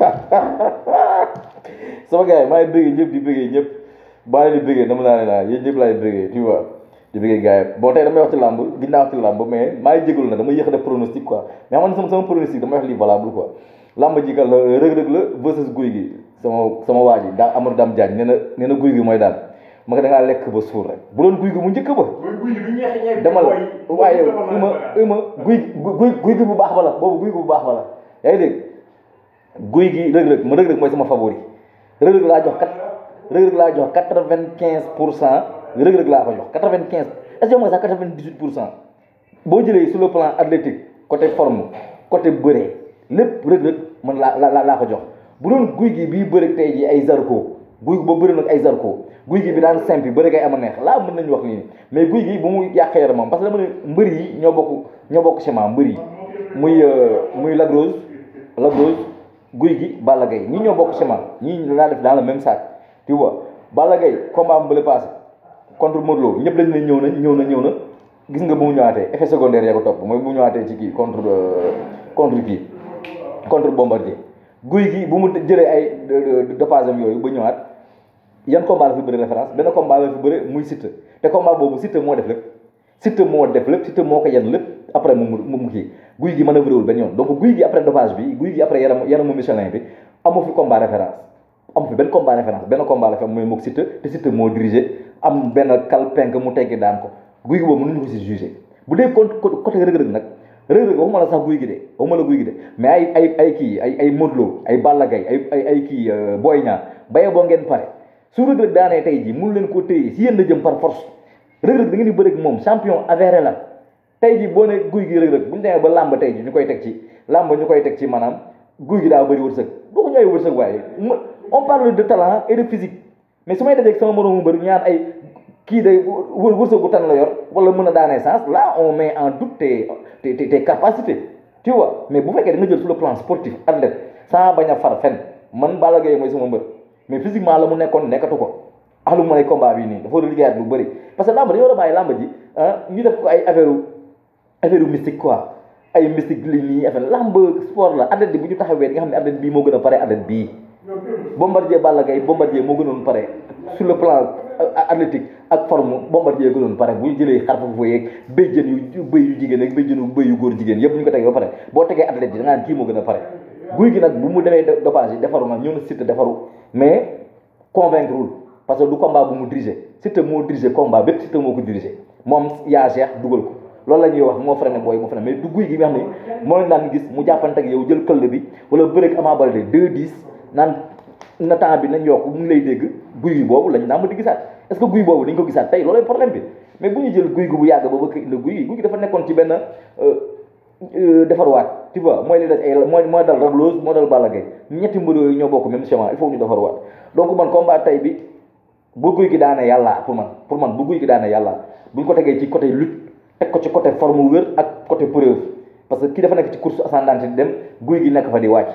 sama gars yi maa ngi bëggee ñëpp di bëggee ñëpp baa leen di bëggee dama naa ne naa yéen ñëpp laay bëggee tu vois di bëggee gars yi bon tey damay wax ci làmb gis naa wax ci làmb mais maa ngi na dama yéex a def pronostic quoi mais man sama sama pronostic damay wax lii valable quoi làmb ji la rëg-rëg la versus guy gi sama sama waa ji daa Amadou dam Diagne nee na guy gi mooy daan ma nga da lekk ba suur rek bu doon guy gi mu njëkk ba dama la waaye uma uma guy guy guy bu baax ba boobu guy bu baax ba guy gi rëg-rëg ma rëg-rëg mooy sama favori rëg-rëg laa jox kat laa jox quatre vingt quinze pour cent rëg-rëg laa ko jox quatre vingt quinze est-ce que mooy sax quatre vingt dix huit pour cent boo jëlee sur le plan athlétique côté bëree lépp rëg-rëg man laa la laa ko jox bu doon guy gi bi bëri tey ji ay zarko guy ba bëri nag ay zarko guy gi bi daan simpi bëri kay ama neex laa mën nañu wax nii mais guy gi bu mu yàqee yaramam parce que dama ne mbër yi ñoo bokk ñoo bokk chemin mbër yi muy euh, muy lagrose lagrose guy gi Balla Gaye ñi ñoo bokk chemin ñii laa def dans le même sac bala vois Balla Gaye combat am bële contre Modou Lo ñëpp lañ ne ñëw na ñëw na ñëw na gis nga bu mu ñëwaatee effet secondaire ya ko topp mooy bu mu ñëwaatee ci kii contre euh, contre kii contre Bombardier guy gi bu mu jëlee ay dopage am yooyu ba ñëwaat yan combat la fi bëri référence benn combat la fi bëri muy Siteu te combat boobu Siteu moo def lépp Siteu moo def lépp Siteu moo ko yan lépp après mu mu kii guy gi manoeuvré wul benn yoon donc guy gi après dopage bi guy gi après yaram yaramu Michelin bi amu fi combat référence amu fi benn combat référence benn combat la fi te Siteu moo ko guy gi boobu bu dee côté rëg-rëg nag rëg-rëg waxuma la sax mais ay ay ay kii ay ay Modou Lo ay Balla ay kii euh, Boy Niang baye boo ngeen pare su rëg-rëg daanee tey ji mënu leen koo téye si yéen la jëm par force rëg-rëg da ngeen moom champion avéré la tay ji bo ne guuy gi reug reug bu ñu ba lamb tay ji ñukoy tek ci lamb ñukoy tek ci manam guuy gi da bari wërsëg du ñoy ñooy wërsëg on parle de talent et de physique mais sumay dajé sama morom mu bari ñaan ay ki day wërsëg gu tan la yor wala mëna a daanee sens là on met en doute tes tes tes capacités tu vois mais bu fekkee da nga jël sur le plan sportif athlète sa baña far fen man balagay moy sama mbeur mais physiquement la mu nekkoon nekkatu ko axalu mu combat bi ni dafa war a liggéeyaat lu bëri parce que lamb dañu wara baye lamb ji ji ah, ñu def ko ay affaireu affaire mystique quoi ay mystique li nii affaire lamb sport la athlète bi ñu taxawee di nga xam ne athlète bii moo gën a pare athlète bii bombardier Balla Gaye bombardier moo gënoon a sur le plan euh, athlétique ak forme bombardier gënoon pare bu ñu jëlee xar foofu yeeg jën yu bëy yu jigéen ak béjjënu bëy yu góor jigéen yëpp ñu ko tegee ba pare boo tegee athlète yi da nga naan kii moo gën a pare guy gi nag bu mu demee dopage yi defaru na ñëw na Siteu defaru mais convaincre wul parce que du combat bu mu diriger Siteu moo diriger combat bépp moo ko diriger dugal ko loolu la ñuy wax moo freiné booy moo freiné mais du guy gi nga xam ne moo leen daan gis mu jàppante ak yow jël këll bi wala bëreeg Ama Baldé deux dix naan na temps bi nañ yokk mu ngi lay dégg guy gi boobu lañ naan ma di gisaat est ce que guy boobu dañ ko gisaat tey loolay problème bi mais bu ñu jël guy gi bu yàgg ba bëgg indi guy gi guy gi dafa nekkoon ci benn euh, euh, defarwaat tu vois mooy li daj ay mooy mooy dal Lac Rose moo dal Balla Gaye ñetti mbër bokk même chemin il ñu defarwaat donc man combat tey bi bu guy gi daane yàlla pour man bu guy gi daane yàlla buñ teg ko ci côté forme wér ak côté preuve parce que kii dafa nekk ci course ascendante di dem guy gi nekk fa di wàcc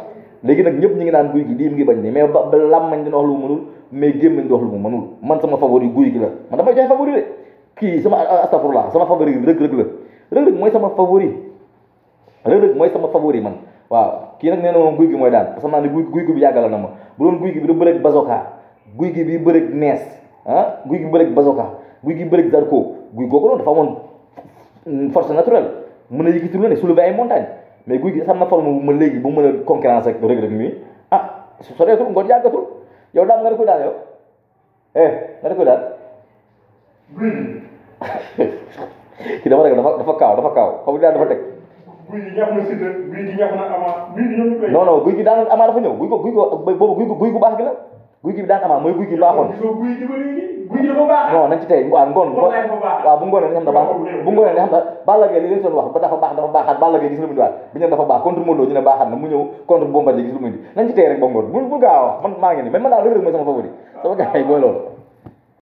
léegi nag ñëpp ñu ngi naan guy gi lii mu ngi bañ ni mais ba làmmañ dina wax lu mu mënul mais gémmañ di wax lu mu mënul man sama favori guy gi la man damay joxe favori de kii sama astafurlah sama favori rëg rëg la mooy sama favori rëg rëg mooy sama favori man waaw kii nag nee na guy gi mooy daan parce que guy guy gi bi yàggala na ma bu doon guy gi bi du bëreeg bazoka guy gi bi bëreeg nees ah guy gi bëreeg bazoka guy gi bëreeg zarko guy googu noonu force naturelle mën na yëkkati lu ne soulever ay montagne mais guy gi sax am na forme bu ma léegi bu mën a concurrence ak Reug Reug mi ah soreetul ngoon yàggatul yow daam nga ne koy daal yow eh nga ne koy daal kii dafa rek dafa dafa kaaw dafa kaaw xaw ma daal dafa teg guy gi ñax na Siteu guy gi ñax na Ama guy gi ñoom non non guy gi daanoon Ama dafa ñëw guy ko guy ko boobu guy ko guy gu baax gi la guy gi daan Ama mooy guy gi baaxoon guy dafa baax non nañ ngoon bu ngoonee dañ xam ne baax bu li leen ba dafa baax dafa baaxaat Balla Gaye gis lu bi ñu dafa baax contre Modou Lô ñu ne na mu ñëw contre Bombardier gis lu mu indi rek ba bu bu gaaw wax maa ngi nii mais man daal Reug Reug mooy sama favori sama yi booy loolu